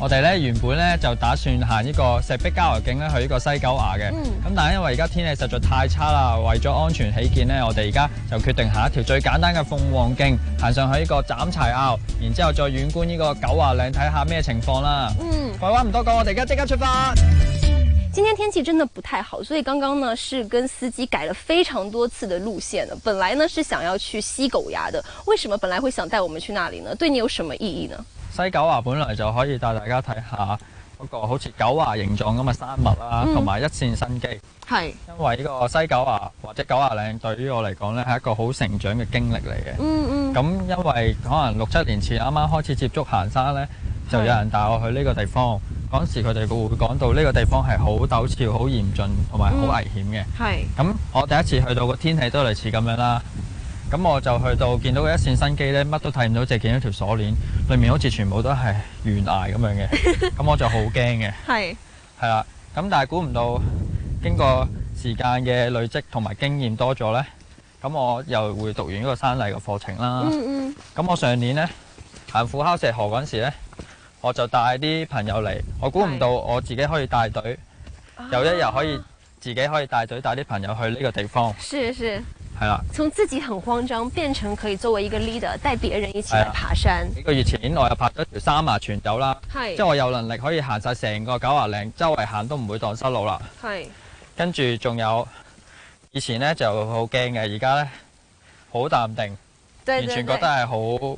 我哋咧，原本咧就打算行呢個石壁郊遊徑咧去呢個西狗牙嘅，咁、嗯、但係因為而家天氣實在太差啦，為咗安全起見咧，我哋而家就決定行一條最簡單嘅鳳凰徑，行上去呢個斬柴坳，然之後再遠觀呢個狗牙嶺睇下咩情況啦。嗯，廢話唔多講，我哋而家即刻出發。今天天氣真的不太好，所以剛剛呢是跟司機改了非常多次的路線。本來呢是想要去西狗牙的，為什麼本來會想帶我們去那裏呢？對你有什麼意義呢？西九華本來就可以帶大家睇下嗰個好似九華形狀咁嘅山脈啦，同埋一線生機。係因為呢個西九華或者九華嶺對於我嚟講呢係一個好成長嘅經歷嚟嘅。嗯嗯。咁因為可能六七年前啱啱開始接觸行山呢，就有人帶我去呢個地方。嗰時佢哋會講到呢個地方係好陡峭、好嚴峻同埋好危險嘅。係。咁我第一次去到個天氣都類似咁樣啦。咁我就去到見到嘅一線生機呢，乜都睇唔到，淨係見到條鎖鏈，裏面好似全部都係懸崖咁樣嘅，咁 我就好驚嘅。係是，係啦。咁但係估唔到，經過時間嘅累積同埋經驗多咗呢。咁我又會讀完呢個山藝嘅課程啦。咁、嗯嗯、我上年呢，行虎吼石河嗰陣時呢，我就帶啲朋友嚟，我估唔到我自己可以帶隊，是有一日可以。自己可以帶隊帶啲朋友去呢個地方，是是，係啦的。從自己很慌張變成可以作為一個 leader 帶別人一起嚟爬山。幾個月前我又拍咗條三亞全走啦，是即係我有能力可以行晒成個九華嶺周圍行都唔會蕩失路啦。是跟住仲有以前呢就好驚嘅，而家呢，好淡定，對 完全覺得係好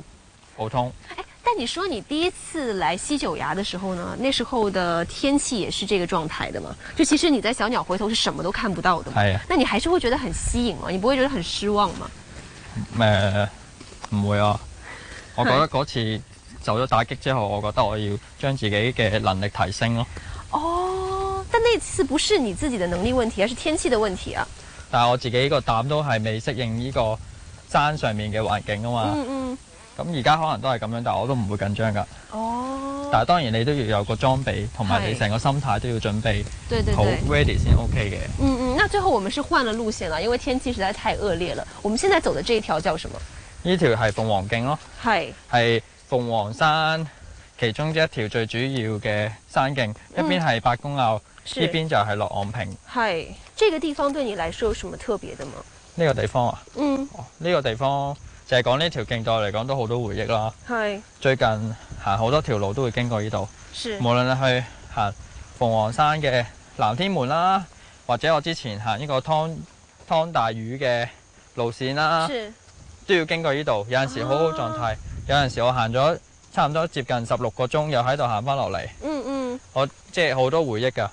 普通。對對對哎但你說你第一次來西狗牙的時候呢？那時候的天氣也是這個狀態的嘛？就其實你在小鳥回頭是什麼都看不到的。嘛那的你還是會覺得很吸引嗎？你不會覺得很失望嗎？誒、呃，唔會啊。我覺得嗰次受咗打擊之後，的我覺得我要將自己嘅能力提升咯、啊。哦，但那次不是你自己的能力問題，而是天氣的問題啊。但係我自己個膽都係未適應呢個山上面嘅環境啊嘛。嗯嗯。嗯咁而家可能都係咁樣，但我都唔會緊張㗎。哦，oh, 但係當然你都要有個裝備，同埋你成個心態都要準備，對對對，好 ready 先 OK 嘅。嗯嗯，那最後我們是換了路線啦，因為天氣實在太惡劣了。我們現在走的這一條叫什麼？呢條係鳳凰徑咯。係係是鳳凰山其中一條最主要嘅山徑，一邊係八公坳，呢是邊就係落昂坪。係，這個地方對你來說有什麼特別的嗎？呢個地方啊？嗯。呢、哦這個地方。就係講呢條徑，對我嚟講都好多回憶啦。係是最近行好多條路都會經過呢度，是無論你去行鳳凰山嘅南天門啦，或者我之前行呢個湯湯大嶼嘅路線啦，是都要經過呢度。有陣時候很好好狀態，啊、有陣時候我行咗差唔多接近十六個鐘，又喺度行翻落嚟。嗯嗯，我即係好多回憶㗎。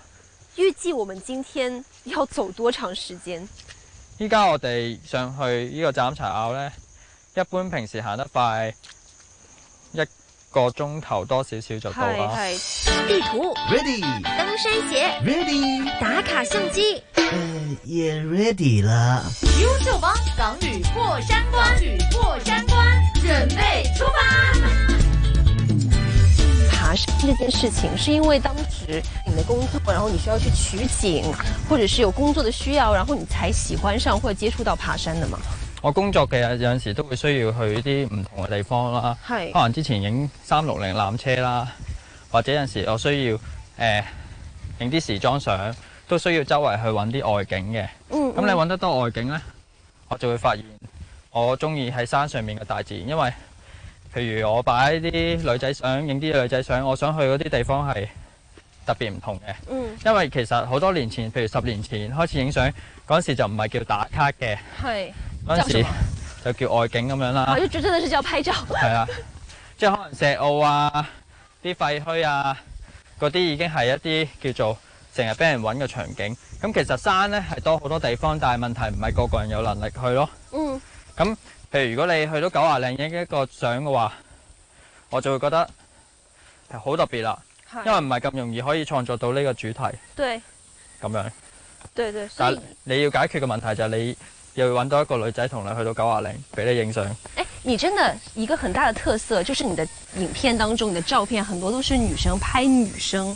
預計我們今天要走多長時間？依家我哋上去呢個斬柴坳呢。一般平時行得快一個鐘頭多少少就到啦。地圖，ready，登山鞋，ready，打卡相機，也、uh, re ready 啦。優秀幫港女過山關，港女過山關，準備出發。爬山這件事情，是因為當時你的工作，然後你需要去取景，或者是有工作的需要，然後你才喜歡上或者接觸到爬山的嗎？我工作嘅有陣時都會需要去啲唔同嘅地方啦。是可能之前影三六零纜車啦，或者有陣時我需要誒影啲時裝相，都需要周圍去揾啲外景嘅。咁、嗯、你揾得多外景呢，嗯、我就會發現我中意喺山上面嘅大自然，因為譬如我擺啲女仔相，影啲女仔相，我想去嗰啲地方係特別唔同嘅。嗯、因為其實好多年前，譬如十年前開始影相嗰陣時，就唔係叫打卡嘅。嗰陣時就叫外景咁樣啦、啊，就真係是叫拍照。係 啊，即係可能石澳啊、啲廢墟啊，嗰啲已經係一啲叫做成日俾人揾嘅場景。咁其實山咧係多好多地方，但係問題唔係個個人有能力去咯。嗯。咁譬如如果你去到九華靚影一個相嘅話，我就會覺得係好特別啦。是因為唔係咁容易可以創造到呢個主題。對。咁樣。對對。但你要解決嘅問題就係你。又會揾到一個女仔同你去到九廿零，俾你影相。誒，你真的一個很大的特色，就是你的影片當中，你的照片很多都是女生拍女生，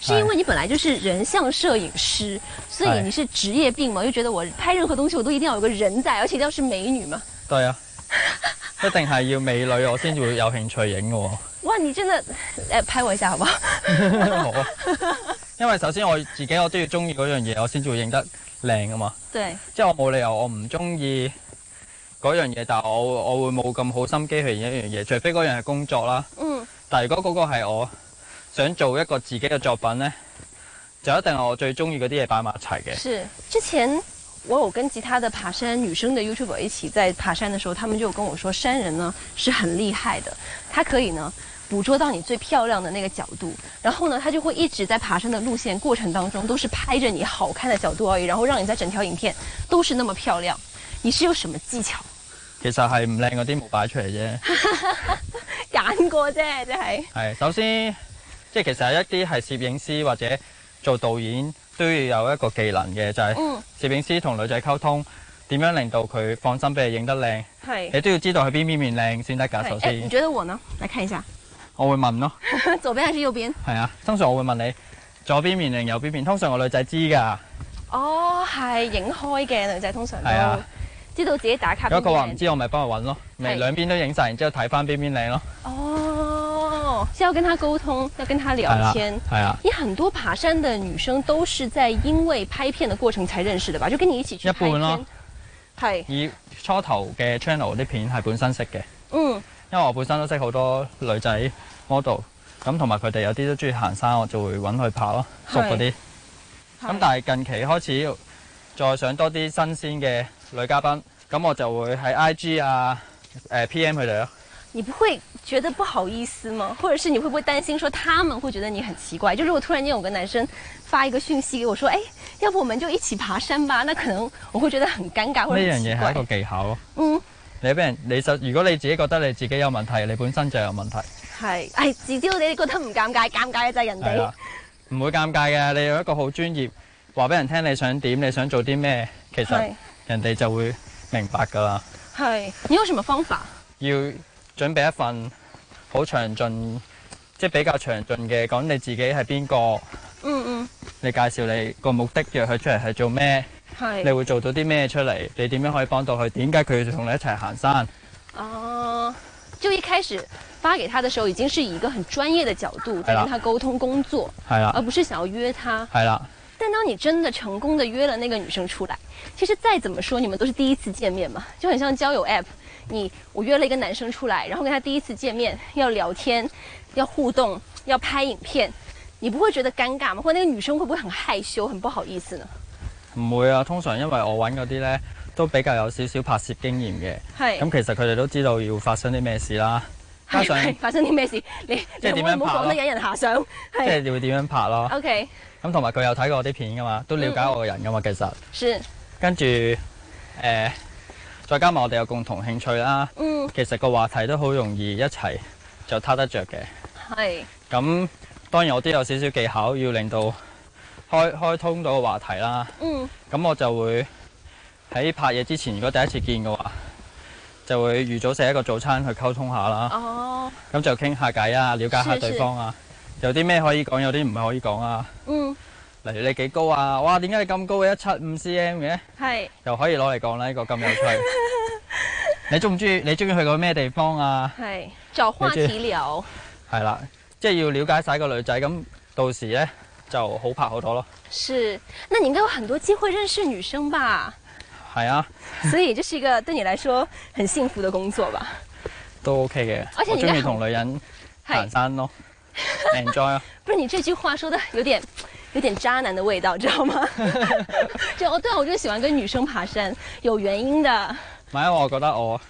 係是因為你本來就是人像攝影師，所以你是職業病嘛？是又覺得我拍任何東西我都一定要有個人在，而且要是美女嘛？對啊， 一定係要美女我先會有興趣影嘅喎。哇，你真的誒、欸、拍我一下好唔好？ 好啊。 因為首先我自己我都要中意嗰樣嘢，我先至會影得靚啊嘛。對即係我冇理由我唔中意嗰樣嘢，但我我會冇咁好心機去影一樣嘢，除非嗰樣係工作啦。嗯、但如果嗰個係我想做一個自己嘅作品咧，就一定係我最中意嗰啲嘢擺埋一齊嘅。是之前我有跟其他的爬山女生的 YouTuber 一起在爬山的時候，他們就跟我說，山人呢是很厲害的，他可以呢。捕捉到你最漂亮的那個角度，然後呢，他就會一直在爬山的路線過程當中都是拍着你好看的角度而已，然後讓你在整條影片都是那麼漂亮。你是有什麼技巧？其實係唔靚嗰啲冇擺出嚟啫，揀 過啫，就係、是、係。首先，即係其實有一啲係攝影師或者做導演都要有一個技能嘅，就係、是、攝影師同女仔溝通，點樣令到佢放心俾你影得靚，係是你都要知道佢邊邊面靚先得㗎。首先，你覺得我呢？來看一下。我會問咯，左、啊會問你，左邊還是右邊？係啊，通常我會問你左邊面定右邊面。通常我女仔知噶，哦、oh,，係影開嘅女仔通常都，知道自己打卡。如果佢話唔知，我咪幫佢找咯是兩邊都影晒，然之後睇翻邊邊靚咯。哦，即係跟他溝通，要跟他聊天。係啊，你、啊、很多爬山的女生都是在因為拍片的過程才認識的吧？就跟你一起去拍片。一半咯，係了。是以初頭嘅 channel 啲片係本身識嘅。嗯。因為我本身都識好多女仔 model，咁同埋佢哋有啲都中意行山，我就會揾佢拍咯，熟嗰啲。咁但係近期開始再上多啲新鮮嘅女嘉賓，咁我就會喺 IG 啊、呃、PM 佢哋咯。你不會覺得不好意思嗎？或者是你會不會擔心，說他們會覺得你很奇怪？就如果突然間有個男生發一個訊息給我，說：誒、欸，要不我們就一起爬山吧？那可能我會覺得很尷尬，或者怪。呢樣嘢係一個技巧咯。嗯。你俾人，你就如果你自己覺得你自己有問題，你本身就有問題。係，係、哎，至少你覺得唔尷尬，尷尬嘅就係人哋。係唔會尷尬嘅，你有一個好專業，話俾人聽你想點，你想做啲咩，其實是人哋就會明白噶啦。係，你有什麼方法？要準備一份好詳盡，即係比較詳盡嘅，講你自己係邊個。嗯嗯。你介紹你個目的，約佢出嚟係做咩？你會做到啲咩出嚟？你點樣可以幫到佢？點解佢要同你一齊行山？哦，uh, 就一開始發給他的時候，已經是以一個很專業的角度在跟他溝通工作，係啦，而不是想要約他，係啦。但當你真的成功的約了那個女生出來，其實再怎麼說，你們都是第一次見面嘛，就很像交友 app 你。你我約了一個男生出來，然後跟他第一次見面，要聊天，要互動，要拍影片，你不會覺得尷尬嗎？或者那個女生會不會很害羞、很不好意思呢？唔會啊，通常因為我揾嗰啲咧都比較有少少拍攝經驗嘅，咁其實佢哋都知道要發生啲咩事啦。加上發生啲咩事，即係點樣唔好講得引人遐想。即係你會點樣拍咯？OK。咁同埋佢有睇過我啲片噶嘛，都了解我個人噶嘛，其實。跟住誒，再加埋我哋有共同興趣啦。嗯。其實個話題都好容易一齊就攤得着嘅。係。咁當然我都有少少技巧，要令到。開開通咗個話題啦，咁、嗯、我就會喺拍嘢之前，如果第一次見嘅話，就會預早食一個早餐去溝通下啦。咁、哦、就傾下偈啊，了解下對方啊，是是有啲咩可以講，有啲唔可以講啊。嗯、例如你幾高啊？哇，點解你咁高嘅，一七五 cm 嘅是？係又可以攞嚟講啦，呢、這個咁有趣。 你中唔中意？你中意去過咩地方啊？係就話題聊。係啦，即、就、係、是、要了解晒個女仔，咁到時咧。就好拍好多咯，是，那你應該有很多機會認識女生吧？係啊，所以這是一個對你來說很幸福的工作吧？都 OK 嘅，而且你中意同女人爬山咯 ，enjoy 咯。不是你這句話說得有點有點渣男的味道，知道嗎？ 就我，對我就喜歡跟女生爬山，有原因的。唔係，我覺得我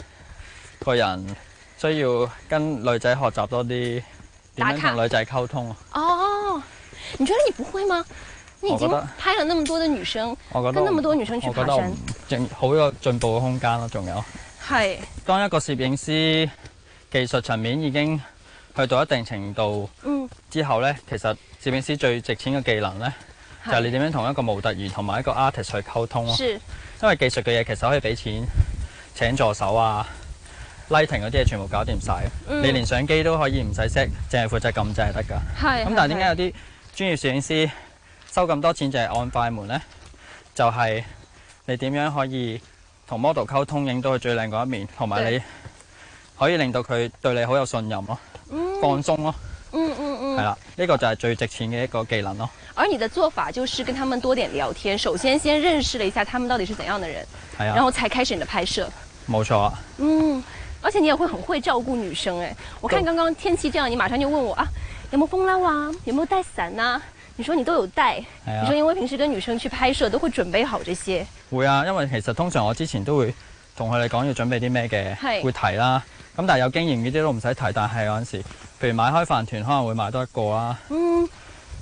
個人需要跟女仔學習多啲點樣同女仔溝通。哦。Oh. 你覺得你不會嗎？你已經拍了那麼多的女生，我覺得我跟那麼多女生去爬山，好有個進步嘅空間咯。仲有係是當一個攝影師技術層面已經去到一定程度，之後呢，嗯、其實攝影師最值錢嘅技能呢，是就係你點樣同一個模特員同埋一個 artist 去溝通咯，啊。是因為技術嘅嘢，其實可以俾錢請助手啊，lighting 嗰啲嘢全部搞掂晒，嗯、你連相機都可以唔使識，淨係負責撳掣就係得噶。係咁，但係點解有啲？專業攝影師收咁多錢就係按快門咧，就係、是、你點樣可以同 model 溝通，影到佢最靚嗰一面，同埋你可以令到佢對你好有信任咯，嗯、放鬆咯、哦，係啦、嗯，呢、嗯嗯這個就係最值錢嘅一個技能咯、哦。而你嘅做法就是跟他們多點聊天，首先先認識了一下他們到底是怎樣的人，係啊，然後才開始你的拍攝，冇錯，嗯。而且你也會很會照顧女生誒，我看剛剛天氣這樣，你馬上就問我啊，有冇風褸啊，有冇帶傘啊，你說你都有帶，啊、你說因為平時跟女生去拍攝都會準備好這些。會啊，因為其實通常我之前都會同佢哋講要準備啲咩嘅，是會提啦。咁但係有經驗呢啲都唔使提，但係有陣時，譬如買開飯糰可能會買多一個啊。嗯。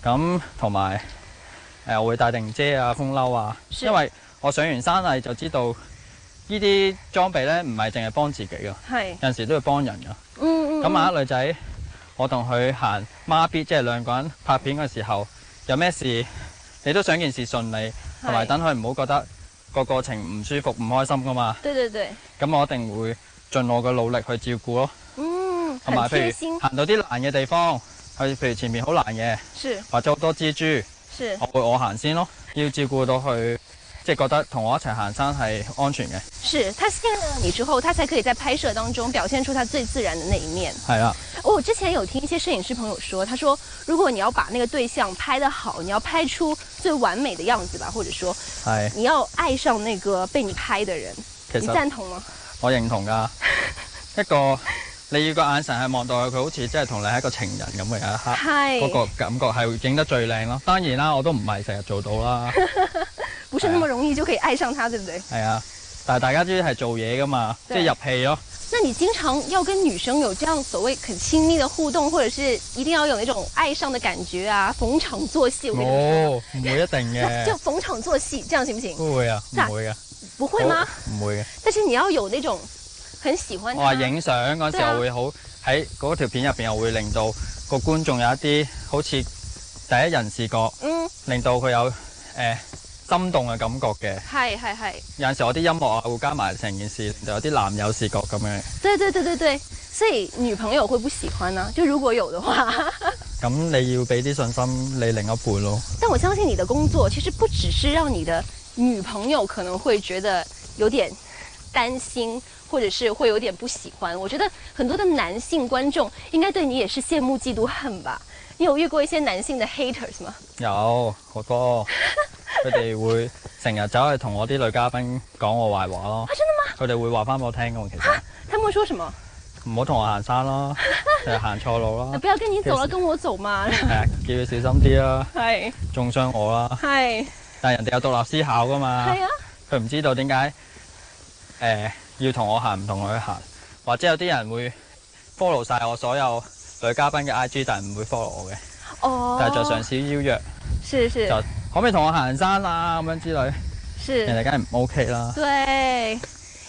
咁同埋誒，我會帶定遮啊、風褸啊，是因為我上完山啊就知道。呢啲裝備咧，唔係淨係幫自己噶，是有陣時都要幫人噶。嗯。嗯嗯。咁啊，女仔，我同佢行孖 B，即係兩個人拍片嘅時候，有咩事，你都想件事順利，同埋等佢唔好覺得個過程唔舒服、唔開心噶嘛。對對對。咁我一定會盡我嘅努力去照顧咯。嗯。同埋譬如行到啲難嘅地方，去譬如前面好難嘅，是或者好多蜘蛛，是我會我行先咯，要照顧到佢。即係覺得同我一齊行山係安全嘅。是他信任咗你之後，他才可以在拍攝當中表現出他最自然的那一面。係啊，我、oh, 之前有聽一些攝影師朋友說，他說如果你要把那個對象拍得好，你要拍出最完美的樣子吧，或者說，是你要愛上那個被你拍的人，其實 你贊同嗎？我認同噶，一個。 你要個眼神係望到佢，佢好似真係同你係一個情人咁嘅一刻，嗰個感覺係影得最靚咯。當然啦，我都唔係成日做到啦。 不是那麼容易就可以愛上他，啊、對不對？係啊，但係大家都要係做嘢噶嘛，即係對入戲咯。那你經常要跟女生有這樣所謂很親密的互動，或者是一定要有那種愛上的感覺啊？逢場作戲，我唔、哦、會一定嘅，就逢場作戲，這樣行不行？唔會啊，唔會啊，不會嗎？唔會的。但是你要有那種。很喜歡我話影相嗰陣時，候會好喺嗰條片入邊，又會令到個觀眾有一啲好似第一人視覺，嗯、令到佢有誒、呃、心動嘅感覺嘅。係系係。有陣時我啲音樂啊，會加埋成件事，就有啲男友視覺咁樣。對對對對對，所以女朋友會不喜歡呢、啊？就如果有的話，咁 你要俾啲信心你另一半咯。但我相信你的工作其實不只是讓你的女朋友可能會覺得有點，擔心，或者是會有點不喜歡。我覺得很多的男性觀眾應該對你也是羨慕嫉妒恨吧。你有遇過一些男性的 haters 嗎？有我哥。佢哋會成日走去同我啲女嘉賓講我壞話咯。真的嗎？佢哋會話翻俾我聽噶。其實。他們說什麼？唔好同我行山咯，就行錯路咯。不要跟你走了，跟我走嘛。係啊，叫佢小心啲啦。係。中傷我啦。係。但係人哋有獨立思考噶嘛。係啊。佢唔知道點解。誒、呃、要同我行唔同我去行，或者有啲人會 follow 曬我所有女嘉賓嘅 IG，但係唔會 follow 我嘅。哦。Oh. 但係就嘗試邀約，是是就可唔可以同我行山啊？咁樣之類。是。人哋梗係唔 OK 啦。對。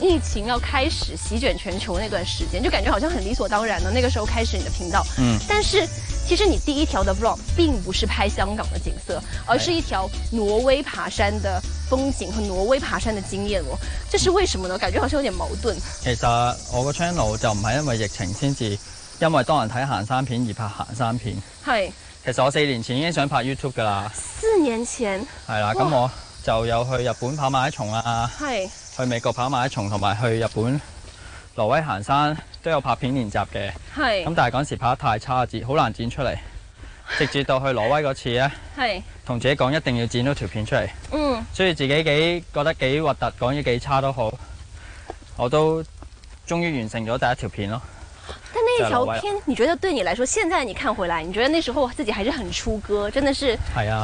疫情要開始席捲全球那段時間，就感覺好像很理所當然的。那個時候開始你的頻道，嗯，但是其實你第一條的 Vlog 並不是拍香港的景色，是而是一條挪威爬山的風景和挪威爬山的經驗哦。這是為什麼呢？感覺好像有點矛盾。其實我個 channel 就唔係因為疫情先至，因為多人睇行山片而拍行山片。係是，其實我四年前已經想拍 YouTube 㗎喇。四年前？係啦，咁哇我就有去日本跑馬拉松啊。係。去美國跑馬拉松同埋去日本挪威行山都有拍片練習嘅，咁是但係嗰陣時拍得太差，剪好難剪出嚟。直至到去挪威嗰次咧，同是自己講一定要剪咗條片出嚟，嗯、所以自己幾覺得幾核突，講啲幾差都好，我都終於完成咗第一條片咯。但呢條片，你覺得對你嚟說現在你看回來，你覺得呢時候自己還是很初哥，真的是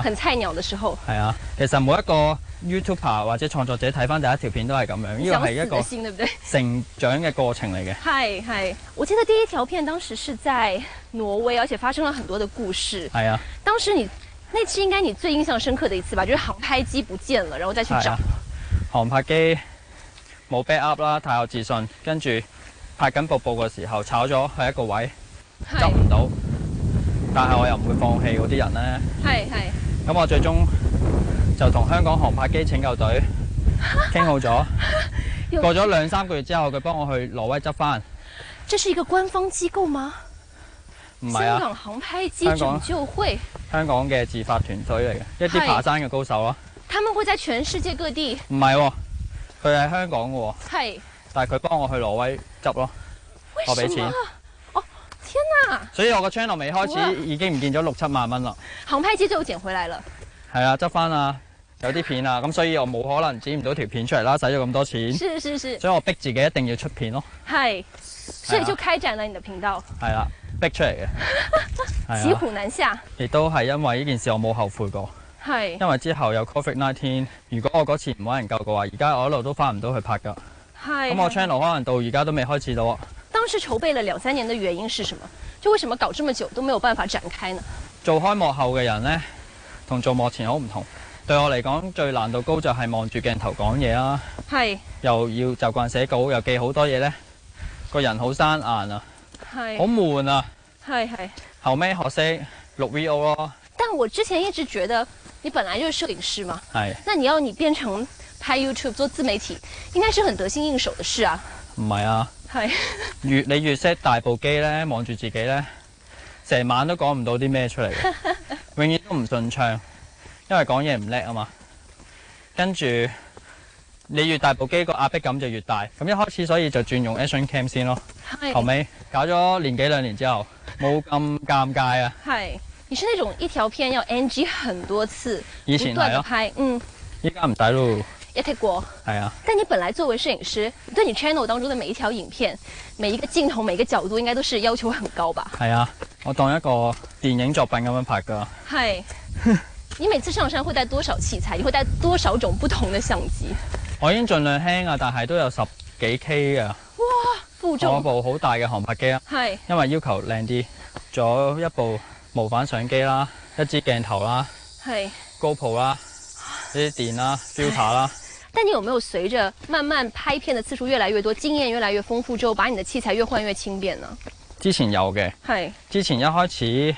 很菜鳥嘅時候。係啊，啊，其實冇一個。YouTuber 或者創作者睇翻第一條片都係咁樣，呢個係一個成長嘅過程嚟嘅。係係， 我記得第一條片當時是在挪威，而且發生了很多的故事。係啊，當時你那期應該你最印象深刻的一次吧？就係、航拍機不見了，然後再去找。啊、航拍機冇 backup 啦，太有自信，跟住拍緊瀑布嘅時候炒咗喺一個位，執唔是到。但係我又唔會放棄嗰啲人咧。係係。咁我最終。就同香港航拍機拯救隊傾好咗，過咗兩三個月之後，佢幫我去挪威執翻。這是一個官方機構嗎？唔係啊，香港航拍機拯救會，香港嘅自發團隊嚟嘅，是一啲爬山嘅高手咯。他們會在全世界各地？唔係啊，佢係香港嘅。係是，但係佢幫我去挪威執咯，為什麼？我俾錢。哦天啊！所以我個 channel 未開始已經唔見咗六七萬蚊啦。航拍機就撿回來了。係啊，執翻啊！有啲片啊，咁所以我冇可能剪唔到條片出嚟啦。使咗咁多錢，是是是所以我逼自己一定要出片咯。係，所以就開展了你的頻道。係啦、啊啊，逼出嚟嘅，騎虎、 啊、難下。亦都係因為呢件事，我冇後悔過。係是，因為之後有 Covid nineteen，如果我嗰次唔揾人救嘅話，而家我一路都翻唔到去拍噶。係，咁我 channel 可能到而家都未開始到。當時籌備了兩三年的原因是什麼？就為什麼搞這麼久都沒有辦法展開呢？做開幕後嘅人呢，同做幕前好唔同。對我嚟講最難度高就係望住鏡頭講嘢啦，係是又要習慣寫稿又記好多嘢咧，個人好生硬啊，係是好悶啊，係係是後尾學識錄 V.O 咯。但我之前一直覺得你本來就係攝影師嘛，係是，那你要你變成拍 YouTube 做自媒體，應該是很得心應手嘅事啊。唔係啊，係越是 你越 set 大部機咧，望住自己咧，成晚都講唔到啲咩出嚟嘅， 永遠都唔順暢。因為講嘢唔叻啊嘛，跟住你越大部機個壓迫感就越大。咁一開始所以就轉用 Action Cam 先咯。係是後尾搞咗年幾兩年之後，冇咁尷尬啊。係，你是那種一條片要 NG 很多次，以前都係拍。的嗯，依家唔抵咯，一 take 過。係啊的。但你本來作為攝影師，對你 channel 當中嘅每一條影片、每一個鏡頭、每一個角度，應該都是要求很高吧？係啊，我當一個電影作品咁樣拍噶。係的。 你每次上山會帶多少器材？你會帶多少種不同的相機？我已經盡量輕啊，但係都有十幾 K 啊。哇，負重！部好大嘅航拍機啦，啊，係是，因為要求靚啲，仲有一部無反相機啦，一支鏡頭啦，係是，高普啦，呢啲電啦，電池是啦。但你有沒有隨着慢慢拍片的次數越來越多，經驗越來越豐富之後，把你的器材越換越輕便呢？之前有嘅，係是，之前一開始，誒、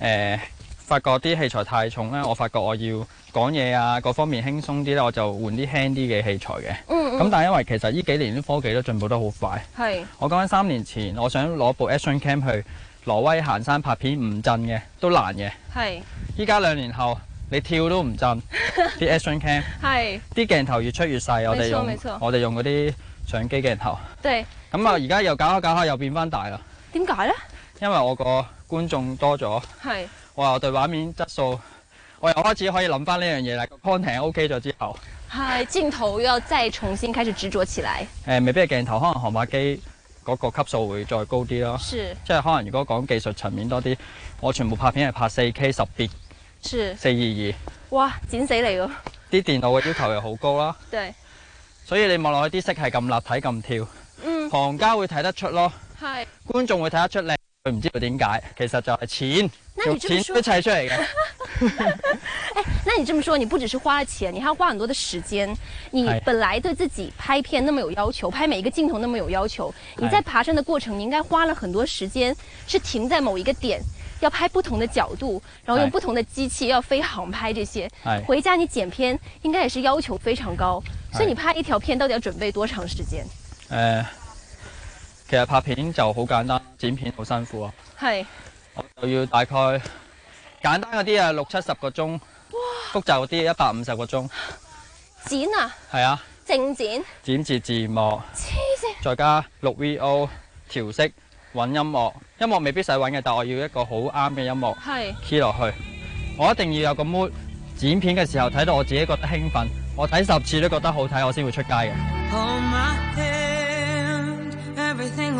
呃。發覺啲器材太重咧，我發覺我要講嘢啊，各方面輕鬆啲咧，我就換啲輕啲嘅器材嘅。嗯。咁但係因為其實呢幾年啲科技都進步得好快。係。我講緊三年前，我想攞部 Action Cam 去挪威行山拍片，唔震嘅都難嘅。係。依家兩年後，你跳都唔震啲 Action Cam。係。啲鏡頭越出越細，我哋用我哋用嗰啲相機鏡頭。對。咁啊，而家又搞下搞下又變翻大啦。點解咧？因為我個觀眾多咗。係。哇，我對畫面質素，我由開始可以諗翻呢樣嘢啦。個 content O K 咗之後，嗨！鏡頭要再重新開始執著起來。誒、呃，未必係鏡頭，可能航拍機嗰個級數會再高啲咯。是即係可能如果講技術層面多啲，我全部拍片係拍 4K 十 bit，是。422。哇！剪死你咯！啲電腦嘅要求又好高啦。 對。所以你望落去啲色係咁立體咁跳，嗯，行家會睇得出咯。係是。觀眾會睇得出靚。不知道，點解，其實就係錢，你錢砌出嚟嘅、 哎。那你這麼說，你不只是花了錢，你還要花很多的時間。你本來對自己拍片那麼有要求，拍每一個鏡頭那麼有要求。你在爬山的過程，你應該花了很多時間，是停在某一個點，要拍不同的角度，然後用不同的機器要飛航拍這些。是回家你剪片應該也是要求非常高，是所以你拍一條片到底要準備多長時間？誒、呃。其實拍片就好簡單，剪片好辛苦啊。係是，我就要大概簡單嗰啲啊，六七十個鐘，哇，複雜啲一百五十個鐘。剪啊？係啊。正剪。剪字字幕。黐線。再加錄 V.O. 調色、揾音樂，音樂未必使揾嘅，但我要一個好啱嘅音樂。係是。key 落去，我一定要有個 mood。剪片嘅時候睇到我自己覺得興奮，我睇十次都覺得好睇，我先會出街嘅。Oh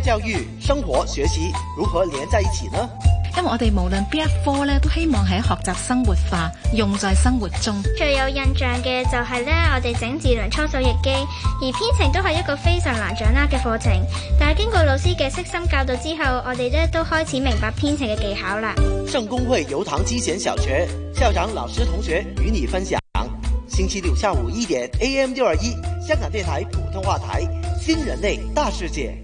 教育生活學習如何連在一起呢？因為我哋無論邊一科咧，都希望喺學習生活化，用在生活中。最有印象嘅就係咧，我哋整智能搓手液機，而編程都係一個非常難掌握嘅課程。但係經過老師嘅悉心教導之後，我哋咧都開始明白編程嘅技巧啦。聖公會油塘基顯小學校長、老師、同學與你分享，星期六下午一點，AM 六二一，香港電台普通話台，新人類大世界。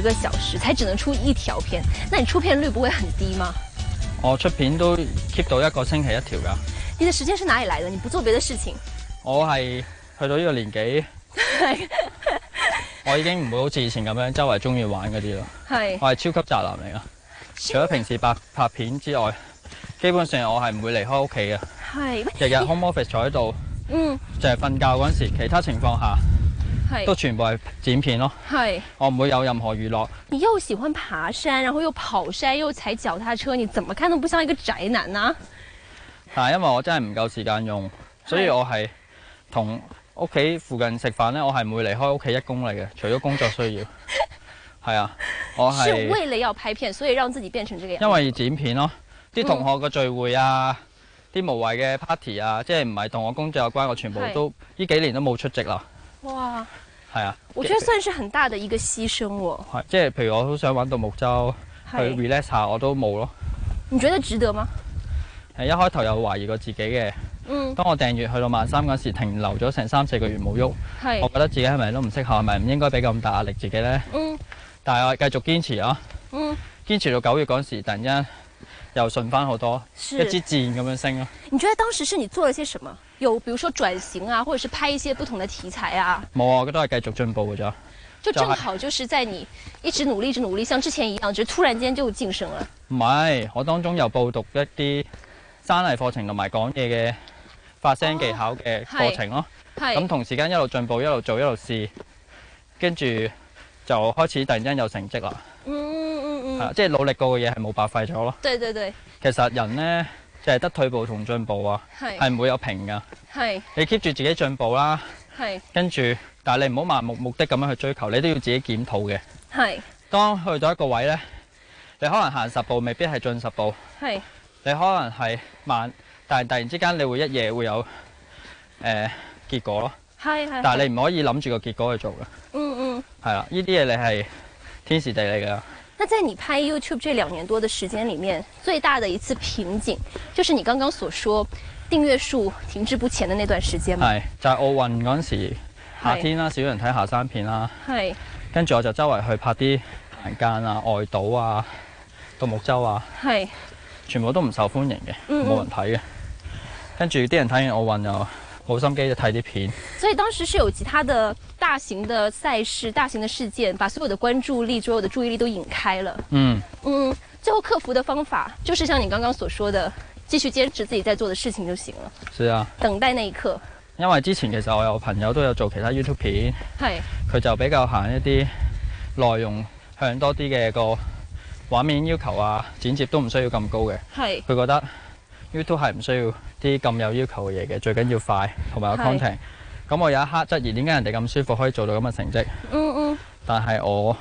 一個小時才只能出一條片，那你出片率不會很低嗎？我出片都 keep 到一個星期一條噶。你嘅時間是哪裡來的？你不做別的事情？我係去到呢個年紀， 我已經唔會好似以前咁樣周圍中意玩嗰啲咯。係， 我係超級宅男嚟噶。的除咗平時拍拍片之外，基本上我係唔會離開屋企嘅。係，日日 home office 坐喺度， 嗯，就係瞓覺嗰陣時候，其他情況下。是都全部係剪片咯，是我唔會有任何娛樂。你又喜歡爬山，然後又跑山，又踩腳踏車，你怎麼看都不像一個宅男啊！但係因為我真係唔夠時間用，所以我係同屋企附近食飯咧，我係唔會離開屋企一公里嘅，除咗工作需要。係 啊，我係是為了要拍片，所以讓自己變成這個樣。因為剪片咯，啲同學嘅聚會啊，啲、嗯、無謂嘅 party 啊，即係唔係同我工作有關，我全部都呢是幾年都冇出席啦。哇，係啊，我覺得算是很大的一個犧牲喎。哦。係，即係譬如，我好想玩獨木舟去 relax 下，是我都冇咯。你覺得值得嗎？係一開頭又懷疑過自己嘅，嗯、當我訂閱去到萬三嗰陣時，停留咗成三四個月冇喐，是我覺得自己係咪都唔適合，係咪唔應該俾咁大壓力自己咧？嗯、但係我繼續堅持啊，嗯，堅持到九月嗰陣時，突然間又順翻好多，是一支箭咁樣升咯。啊。你覺得當時是你做了些什麼？有，比如說轉型啊，或者是拍一些不同的題材啊。冇啊，我都係繼續進步嘅啫。就正好就是在你一直努力，就是，一直努力，像之前一樣，就突然間就晉升啦。唔係，我當中有報讀一啲聲藝課程同埋講嘢嘅發聲技巧嘅課程咯。咁、哦，同時間一路進步，一路做，一路試，跟住就開始突然間有成績啦、嗯。嗯嗯嗯嗯。即係、啊就是，努力過嘅嘢係冇白費咗咯。對對對。其實人咧。就係得退步同進步啊，係唔是會有平㗎。係是你 keep 住自己進步啦、啊，係是跟住，但係你唔好盲目目的咁樣去追求，你都要自己檢討嘅。係是當去到一個位咧，你可能行十步未必係進十步，係是你可能係慢，但係突然之間你會一夜會有誒、呃、結果咯。係係是，但係你唔可以諗住個結果去做嘅、嗯。嗯嗯，係啦，呢啲嘢你係天時地利㗎。那在你拍 YouTube 這兩年多的時間裏面，最大的一次瓶頸，就是你剛剛所說訂閱數停滯不前的那段時間嗎？係就係、是、奧運嗰陣時，夏天啦、啊，少是人睇下山片啦、啊。係是跟住我就周圍去拍啲行間啊、外島啊、獨木舟啊，係是全部都唔受歡迎嘅，冇人睇嘅。嗯、跟住啲人睇完奧運又。冇心機就睇啲片，所以當時是有其他的大型的賽事、大型的事件，把所有的關注力、所有的注意力都引開了。嗯嗯，最後克服的方法就是像你剛剛所說的，繼續堅持自己在做的事情就行了。是啊，等待那一刻。因為之前其實我有朋友都有做其他 YouTube 片，係佢是就比較行一啲內容向多啲嘅，個畫面要求啊、剪接都唔需要咁高嘅，係佢是覺得。YouTube 係唔需要啲咁有要求嘅嘢嘅，最緊要快同埋有 content。咁是我有一刻質疑點解人哋咁舒服可以做到咁嘅成績？嗯嗯。但係我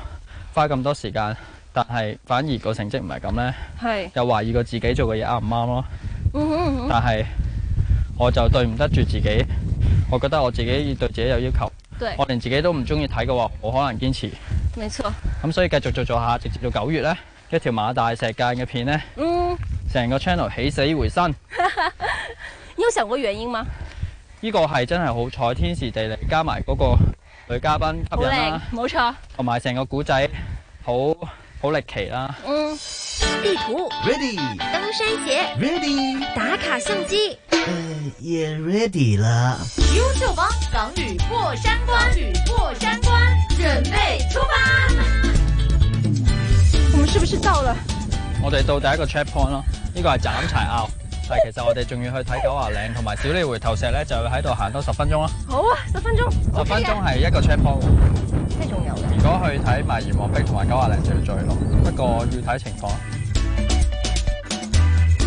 花咁多時間，但係反而個成績唔係咁呢，係是。又懷疑我自己做嘅嘢啱唔啱咯。嗯嗯嗯。但係我就對唔得住自己，我覺得我自己要對自己有要求。對我連自己都唔鍾意睇嘅話，我可能堅持。沒錯。咁所以繼續做做下，直接到九月呢。一條馬大石間嘅片咧，嗯，成個 channel 起死回生，哈哈，你有想過原因嗎？呢個係真係好彩，天時地利加埋嗰個女嘉賓吸引啦、啊，冇錯，同埋成個古仔好好力奇啦、啊，嗯，地圖 ready，登山鞋 ready，打卡相機，也、uh, yeah, ready 啦，YouTube 港女過山關，港女過山關，準備出發。是不是到了？我哋到第一個 check point 咯，呢、這個係斬柴坳， 但係其實我哋仲要去睇九華嶺同埋小李回頭石咧，就會喺度行多十分鐘啦。好啊，十分鐘，十分鐘係一個 check point。即仲有，如果去睇埋閻王壁同埋九華嶺就要最耐，不過要睇情況。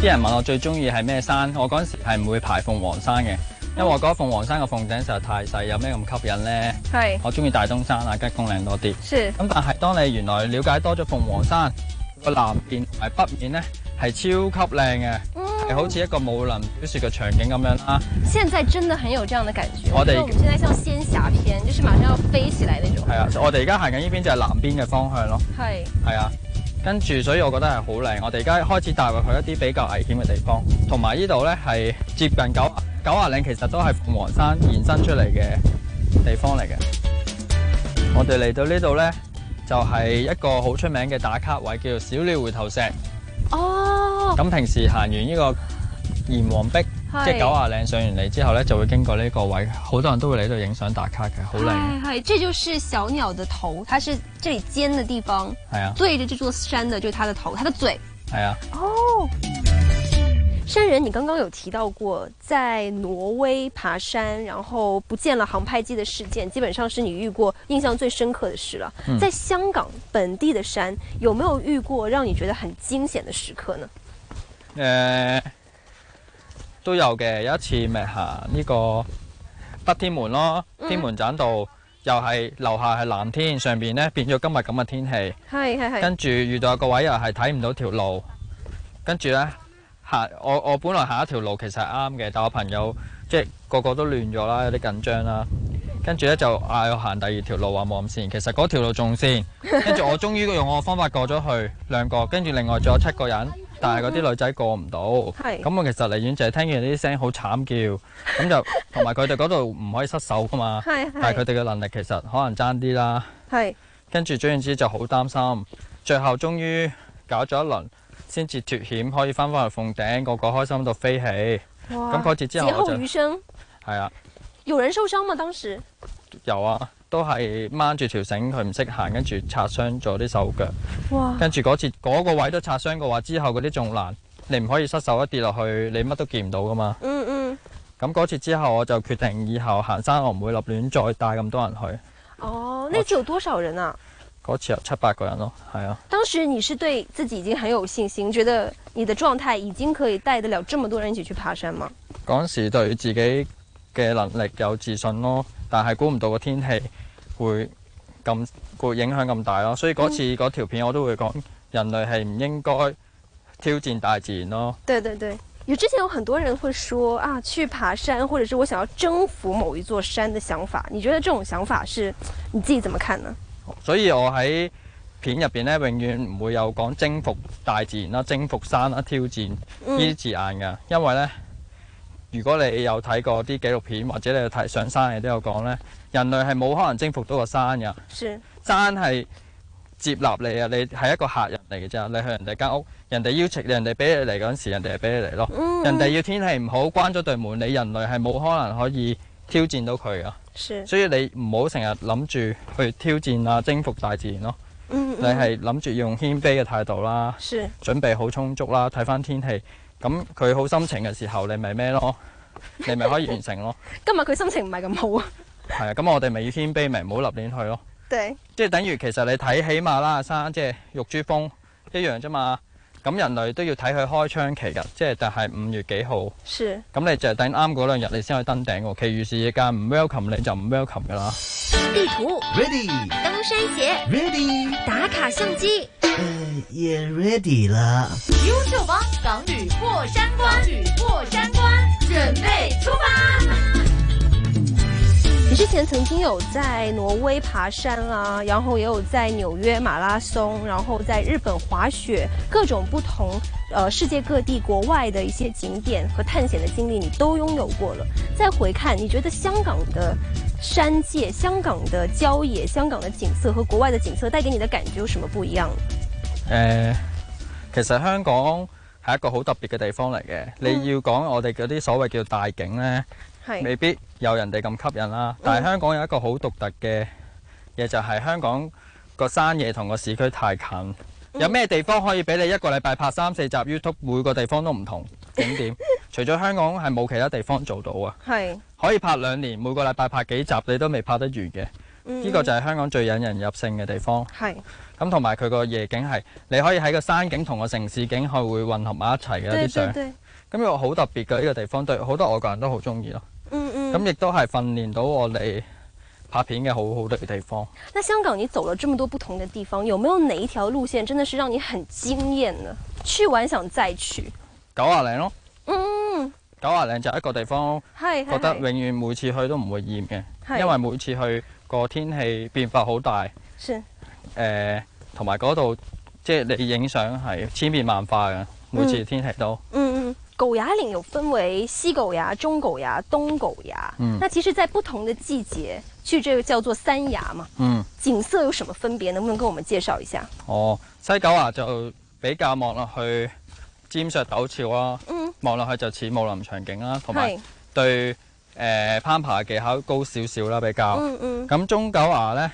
啲人 問我最中意係咩山，我嗰陣時係唔會排鳳凰山嘅。因為我覺得鳳凰山個鳳頂實在太細，有咩咁吸引咧？係是我中意大東山啊，吉公靚多啲。是咁，但係當你原來了解多咗鳳凰山個南邊同埋北面咧，係超級靚嘅，係、嗯、好似一個武林小說嘅場景咁樣啦。現在真的很有這樣的感覺，我哋們現在像仙俠片，就是馬上要飛起來那種感覺。係啊，我哋而家行緊呢邊就係南邊嘅方向咯。係係是啊，跟住所以我覺得係好靚。我哋而家開始帶佢去一啲比較危險嘅地方，同埋呢度咧係接近九九華嶺其實都係鳳凰山延伸出嚟嘅地方嚟嘅。我哋嚟到這裡呢度咧，就係、是、一個好出名嘅打卡位，叫做小鳥回頭石。哦。咁平時行完呢個炎黃壁，即係九華嶺上完嚟之後咧，是就會經過呢個位，好多人都會嚟到度影相打卡嘅，好靚。係，這就是小鳥的頭，它是最尖的地方。係啊。對着這座山的，就是它的頭，它的嘴。係啊。哦。Oh. 山人，你剛剛有提到過在挪威爬山，然後不見了航拍機的事件，基本上是你遇過印象最深刻的事了。嗯、在香港本地的山，有沒有遇過讓你覺得很驚險的時刻呢？誒、呃，都有嘅，有一次咪行呢、這個北天門咯，天門棧道，嗯、又係樓下係藍天上面，上邊呢變咗今日咁嘅天氣，係係係，跟住遇到一個位又係睇唔到條路，跟住咧。我我本來行一條路其實係啱嘅，但我朋友即係個個都亂咗啦，有啲緊張啦，跟住咧就嗌我行第二條路話冇咁先，其實嗰條路仲先，跟住我終於用我嘅方法過咗去兩個，跟住另外仲有七個人，但係嗰啲女仔過唔到，咁是我其實離遠就係聽見啲聲好慘叫，咁就同埋佢哋嗰度唔可以失手噶嘛，是是但係佢哋嘅能力其實可能差啲啦，是跟住總之就好擔心，最後終於搞咗一輪。先至脫險，可以翻返嚟鳳頂，個個開心到飛起。咁嗰哇次之後我就，劫後餘生。係啊，有人受傷嗎？當時有啊，都係掹住條繩，佢唔識行，跟住擦傷咗啲手腳。哇！跟住嗰次嗰個位都擦傷嘅話，之後嗰啲仲難，你唔可以失手一跌落去，你乜都見唔到㗎嘛。嗯嗯。咁、嗯、嗰次之後，我就決定以後行山，我唔會立亂再帶咁多人去。哦，呢次有多少人啊？我嗯嗰次有七八個人咯，係啊。當時你是對自己已經很有信心，覺得你的狀態已經可以帶得了這麼多人一起去爬山嗎？嗰時對自己嘅能力有自信咯，但係估唔到個天氣會咁會影響咁大咯，所以嗰次嗰條片我都會講，人類係唔應該挑戰大自然咯。嗯、對對對，有之前有很多人會說啊，去爬山或者是我想要征服某一座山的想法，你覺得這種想法是你自己怎麼看呢？所以我喺片入邊咧，永遠唔會有講征服大自然啦、征服山啦、挑戰呢啲、嗯、字眼噶，因為咧，如果你有睇過啲紀錄片或者你有睇上山你都有講咧，人類係冇可能征服到個山噶。是山係接納你啊，你係一個客人嚟嘅咋，你去人哋間屋，人哋邀請你，人哋俾你嚟嗰陣時，人哋係俾你嚟咯。嗯、人哋要天氣唔好關咗對門，你人類係冇可能可以。挑戰到佢啊，是所以你唔好成日諗住去挑戰啊，征服大自然咯。嗯嗯、你係諗住用謙卑嘅態度啦，是準備好充足啦，睇翻天氣。咁佢好心情嘅時候，你咪咩咯？ 你咪可以完成咯。今日佢心情唔係咁好啊。係啊，咁我哋咪要謙卑，咪唔好立亂去咯。對，即係等於其實你睇喜馬拉雅山，即係玉珠峰一樣啫嘛。咁人類都要睇佢開窗期㗎，即係就係五月幾號？係。咁你就係等啱嗰兩日，你先去登頂喎。其餘時間唔 welcome 你就唔 welcome 啦。地圖。Ready。登山鞋。Ready。打卡相機。誒、uh, re，也 ready 啦。優秀王港女過山關，港女過山關，準備出發。你之前曾經有在挪威爬山啦、啊，然後也有在紐約馬拉松，然後在日本滑雪，各種不同，呃，世界各地國外的一些景點和探險的經歷你都擁有過了。再回看，你覺得香港的山界、香港的郊野、香港的景色和國外的景色帶給你的感覺有什麼不一樣？誒、呃，其實香港係一個好特別嘅地方嚟嘅。你要講我哋嗰啲所謂叫做大景咧。嗯。是未必有人哋咁吸引啦，嗯、但係香港有一個好獨特嘅嘢就係、是、香港個山野同個市區太近。嗯、有咩地方可以俾你一個禮拜拍三四集 YouTube，每個地方都唔同景點， 除咗香港係冇其他地方做到啊！是可以拍兩年，每個禮拜拍幾集你都未拍得完嘅，呢、嗯嗯、個就係香港最引人入勝嘅地方。咁同埋佢個夜景係，你可以喺個山景同個城市景係會混合埋一齊嘅一啲相。咁個好特別嘅呢個地方，對好多外國人都好鍾意咯。嗯嗯。咁亦都係訓練到我哋拍片嘅好好多嘅地方。那香港，你走了這麼多不同嘅地方，有冇有哪一條路線真的是讓你很驚艷呢？去完想再去。狗牙嶺咯。嗯。狗牙嶺就一個地方。嗨是。覺得永遠每次去都唔會厭嘅，是因為每次去個天氣變化好大。是誒，同埋嗰度即係你影相係千變萬化嘅，每次天氣都。嗯嗯，狗牙嶺又分為西狗牙、中狗牙、東狗牙。嗯，那其實，在不同的季節去這個叫做三牙嘛。嗯。景色有什麼分別？能不能跟我們介紹一下？哦，西狗牙就比較望落去尖削陡峭咯。嗯。望落去就似武林場景啦，同埋對誒是、呃、攀爬的技巧高少少啦，比較。嗯嗯。咁、嗯、中狗牙咧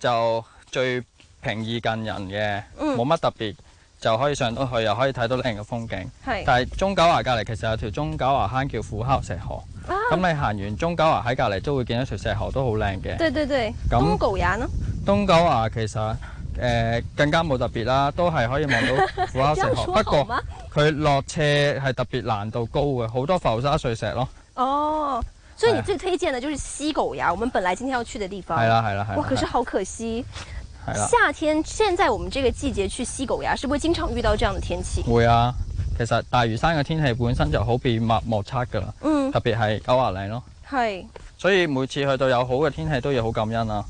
就。最平易近人嘅，冇乜、嗯、特別就可以上到去，又可以睇到靚嘅風景。係是，但係中狗牙隔籬其實有條中狗牙坑叫虎吼石河，咁、啊嗯、你行完中狗牙喺隔籬都會見到一條石河都很的，都好靚嘅。對對對，咁、嗯、東狗牙呢？東狗牙其實誒、呃、更加冇特別啦，都係可以望到虎吼石河。 不過佢落斜係特別難度高嘅，好多浮沙碎石咯。哦，所以你最推薦嘅就是西狗牙，啊、我們本來今天要去嘅地方。係啦係啦係啦。啊啊啊、哇，可是好可惜。夏天現在我們這個季節去西狗牙，是不會經常遇到這樣的天氣？會啊，其實大嶼山嘅天氣本身就好變幻莫測噶啦，嗯，特別係狗牙嶺咯，係是，所以每次去到有好嘅天氣都要好感恩啊，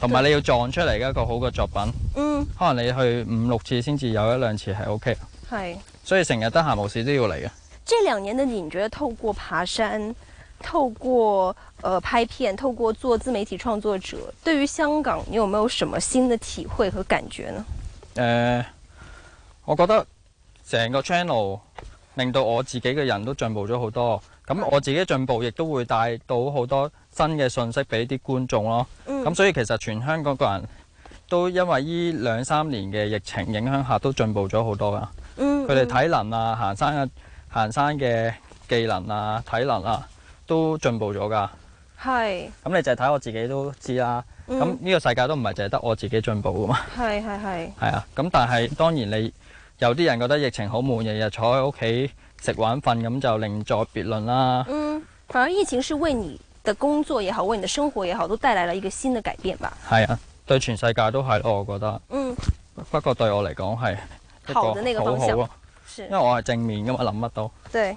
同埋你要撞出嚟嘅一個好嘅作品，嗯對，可能你去五六次先至有一兩次係 OK，係，是所以成日得閒無事都要嚟嘅。這兩年的你覺得透過爬山？透過，誒、呃，拍片，透過做自媒體創作者，對於香港，你有沒有什麼新的體會和感覺呢？誒、呃，我覺得成個 channel 令到我自己嘅人都進步咗好多。咁我自己進步，亦都會帶到好多新嘅信息俾啲觀眾咯。咁、嗯、所以其實全香港個人都因為呢兩三年嘅疫情影響下，都進步咗好多㗎。佢哋、嗯、體能啊，嗯、行山嘅、啊、行山嘅技能啊，體能啊。都進步咗㗎，係。咁、嗯、你就係睇我自己都知啦。咁呢、嗯、個世界都唔係淨係得我自己進步㗎嘛。係係係。係啊，咁、嗯、但係當然你有啲人覺得疫情好悶，日日坐喺屋企食玩瞓，咁就另作別論啦。嗯，反而疫情是為你的工作也好，為你的生活也好，都帶來了一個新嘅改變吧。係啊，對全世界都係，我覺得。嗯。不過對我嚟講係一個好好咯，好嘅呢個方向。係因為我係正面㗎嘛，諗乜都。對。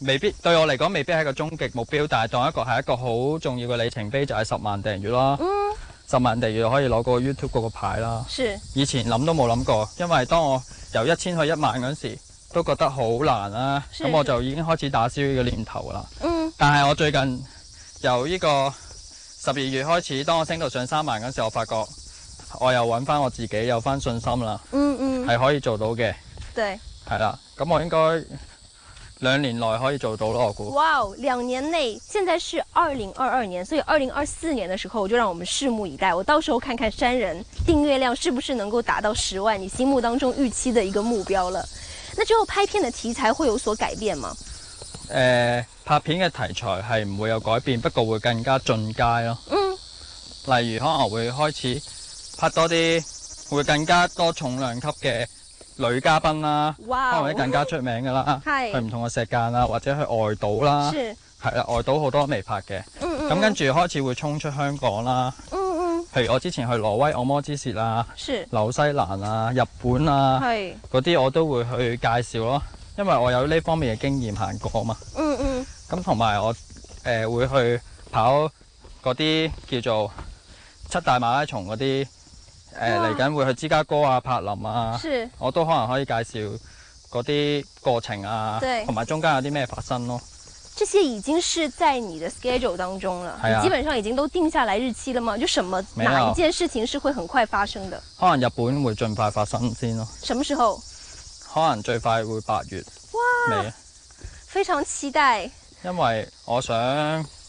未必，對我嚟講未必係一個終極目標，但係當一個係一個好重要嘅里程碑，就係、是、十萬訂閱啦。嗯。Mm. 十萬訂閱可以攞個 YouTube 嗰個牌啦。是。以前諗都冇諗過，因為當我由一千去一萬嗰陣時候，都覺得好難啦。是。咁我就已經開始打消呢個念頭啦。Mm. 但係我最近由呢個十二月開始，當我升到上三萬嗰時候，我發覺我又搵翻我自己有翻信心啦。嗯嗯、mm。係、hmm. 可以做到嘅。對。係啦，咁我應該。兩年內可以做到咯，我估。哇，wow, 兩年內，現在是二零二二年，所以二零二四年嘅時候，我就讓我們拭目以待。我到時候看看山人訂閱量是不是能夠達到十萬，你心目當中預期的一個目標了。那之後拍片的題材會有所改變嗎？誒、呃，拍片嘅題材係唔會有改變，不過會更加進階咯。嗯。例如可能我會開始拍多啲，會更加多重量級嘅。女嘉賓、啊、Wow 可能啦，或者更加出名嘅啦，去唔同嘅石澗啦，或者去外島啦，係啦是、啊、外島好多未拍嘅。咁、嗯嗯、跟住開始會衝出香港啦，嗯嗯、譬如我之前去挪威摩啦、摩之蘭啊、紐西蘭啊、日本啊嗰啲，是我都會去介紹咯，因為我有呢方面嘅經驗行過啊嘛，咁同埋我誒、呃、會去跑嗰啲叫做七大馬拉松嗰啲。誒，嚟緊、呃、會去芝加哥啊、柏林啊，是我都可能可以介紹嗰啲過程啊，同埋對中間有啲咩發生咯。這些已經是在你的 schedule 當中了，啊、基本上已經都定下來日期了嗎？就什麼，哪一件事情是會很快發生的？可能日本會盡快發生先咯。什麼時候？可能最快會八月。哇！未非常期待，因為我想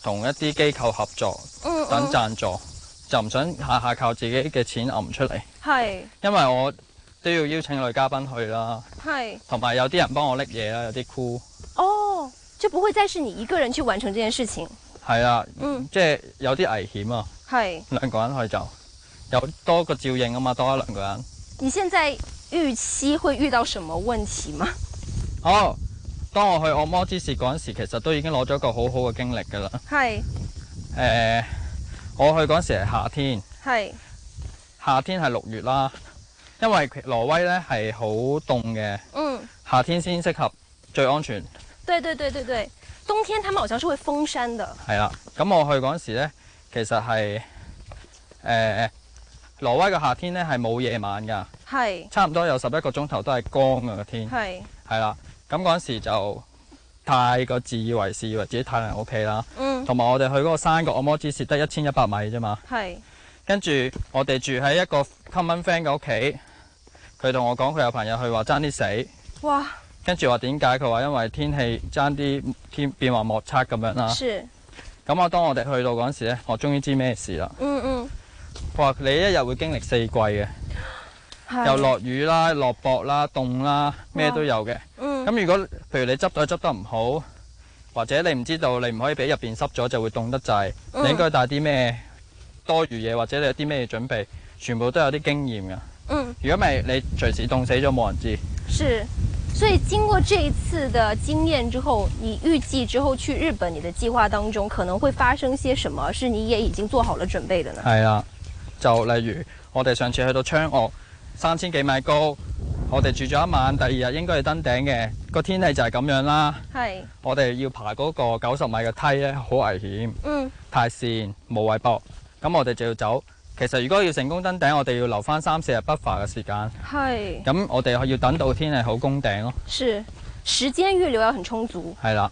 同一啲機構合作，嗯嗯等贊助。就唔想下下靠自己嘅錢揞唔出嚟，係是，因為我都要邀請女嘉賓去啦，係是，同埋有啲人幫我拎嘢啦，有啲酷。哦，就不會再是你一個人去完成呢件事情。係啊，嗯，即係有啲危險啊，係是，兩個人去就有多個照應啊嘛，多一兩個人。你現在預期會遇到什麼問題嗎？哦，當我去按摩之士嗰陣時，其實都已經攞咗一個好好嘅經歷㗎啦。係是，呃我去嗰時係夏天，係是夏天係六月啦，因為挪威咧係好凍嘅，嗯，夏天先適合，最安全。對對對對對，冬天他們好像是會封山的。係啦，咁我去嗰時咧，其實係誒、呃，挪威嘅夏天咧係冇夜晚噶，係是差唔多有十一個鐘頭都係光嘅個天，係係是啦，咁嗰時就。太過自以為是，以為自己太難 O.K. 啦，同埋、嗯、我哋去嗰個山角按摩只涉得一千一百米啫嘛。係是跟住我哋住喺一個 common friend 嘅屋企，佢同我講佢有朋友去話爭啲死哇，跟住話點解佢話因為天氣爭啲天變化莫測咁樣啦。是咁我當我哋去到嗰陣時咧，我終於知咩事啦。嗯嗯，佢話你一日會經歷四季嘅。又落 雨啦，落雹啦，凍啦，咩都有嘅。咁、啊嗯、如果，譬如你執袋執得唔好，或者你唔知道，你唔可以俾入邊濕咗，就會凍得滯。嗯、你應該帶啲咩多餘嘢，或者你有啲咩準備，全部都有啲經驗嘅。如果唔係，你隨時凍死咗冇人知。是，所以經過這一次的經驗之後，你預計之後去日本，你的計劃當中可能會發生些什麼？是你也已經做好了準備的呢？係啊，就例如我哋上次去到昌岳。三千幾米高，我哋住咗一晚，第二日應該要登頂嘅。個天氣就係咁樣啦。係是。我哋要爬嗰個九十米嘅梯咧，好危險。嗯。太跣，冇位博。咁我哋就要走。其實如果要成功登頂，我哋要留翻三四日不發嘅時間。係是。咁我哋要等到天氣好攻頂咯。是，時間預留要很充足。係啦。